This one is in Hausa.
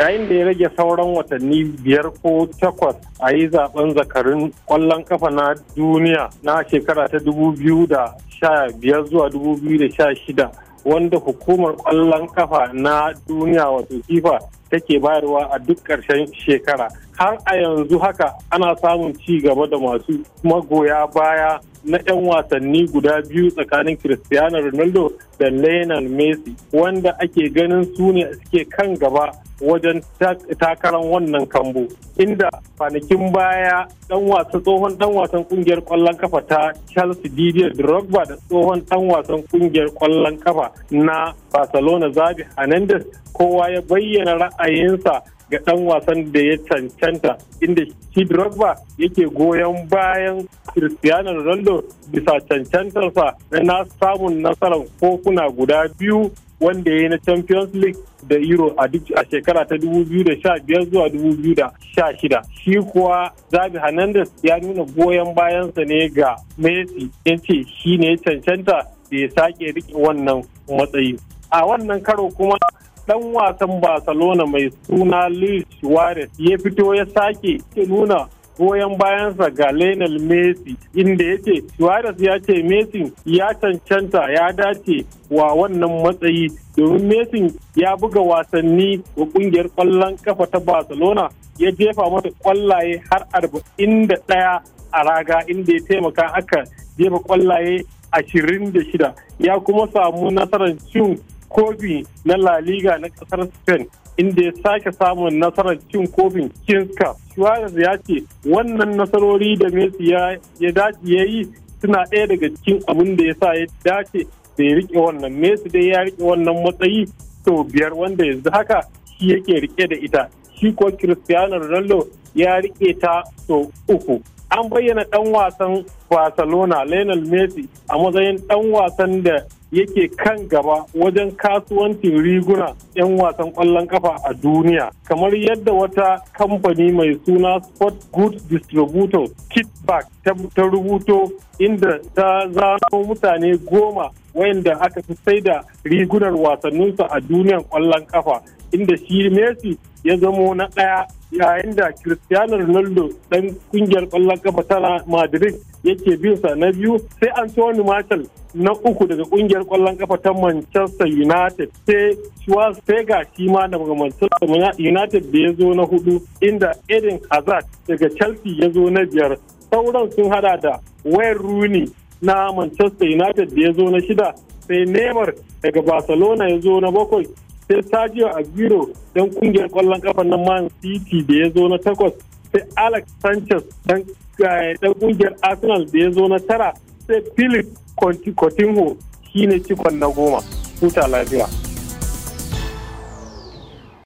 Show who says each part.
Speaker 1: yayin da ya rage sauran watanni biyar ko takwas a yi zaben zakarun kwallon kafa na duniya na shekara ta dubu biyu da sha biyar zuwa dubu biyu da sha shida wanda hukumar kwallon kafa na duniya wato kifa take bayarwa a duk ƙarshen shekara har a yanzu haka ana samun ci gaba da masu magoya baya na 'yan wasanni guda biyu tsakanin cristiano ronaldo da lionel messi wanda ake ganin su ne suke kan gaba wajen takarar wannan kambo inda kwanakin baya dan wasa tsohon dan wasan kungiyar kwallon kafa ta chelsea didier drogba da tsohon dan wasan kungiyar kwallon kafa na barcelona zabi hernandez kowa ya bayyana ra'ayinsa ga ɗan wasan da ya cancanta inda shi Drogba yake goyon bayan Cristiano Ronaldo bisa cancantarsa na samun nasarar kofuna guda biyu wanda ya yi na Champions League da Euro a shekara ta 2015 zuwa 2016. Shi kuwa Zabi Hernandez ya nuna goyon bayansa ne ga Messi ya ce shi ne cancanta da ya sake rike wannan matsayi. A wannan karo kuma dan wasan barcelona mai suna luis suarez ya fito ya sake nuna goyon bayansa ga Lionel Messi inda ya ce Suarez ya ce Messi ya cancanta ya dace wa wannan matsayi domin Messi ya buga wasanni wa kungiyar kwallon kafa ta Barcelona ya jefa mata kwallaye har 41 a raga inda ya taimaka aka jefa kwallaye 26 ya kuma samu nasarar cin kofi na La Liga na kasar Spain inda ya sake samun nasarar cin kofin Kings Cup. Suarez ya ce wannan nasarori da Messi ya dace ya yi suna ɗaya daga cikin abin da ya sa ya dace da ya rike wannan. Messi dai ya rike wannan matsayi sau biyar wanda yanzu haka shi yake rike da ita. Shi ko Cristiano Ronaldo ya rike ta sau uku. An bayyana ɗan wasan Barcelona Lionel Messi a matsayin ɗan wasan da yake kan gaba wajen kasuwancin riguna 'yan wasan kwallon kafa a duniya kamar yadda wata kamfani mai suna sport good distributor kitback ta rubuto inda ta zano mutane goma wayanda aka fi sai da rigunar wasanninsu a duniyar kwallon kafa inda shi messi ya zamo na daya. yayin da cristiano ronaldo dan kungiyar kwallon kafa ta madrid yake sa na biyu sai anthony marshall na uku daga kungiyar kwallon kafa ta manchester united sai schwarzenegger shi ma daga manchester united da ya zo na hudu inda eden hazard daga chelsea ya zo na biyar sauran sun hada da wayne rooney na manchester united da ya zo na shida sai neymar daga barcelona ya zo na bakwai sai Sadio Aguero dan kungiyar kwallon kafa na Man City da ya zo na takwas sai Alex Sanchez dan eh, kungiyar Arsenal da ya zo na tara sai Philip Coutinho ne cikon na goma. kuta lafiya.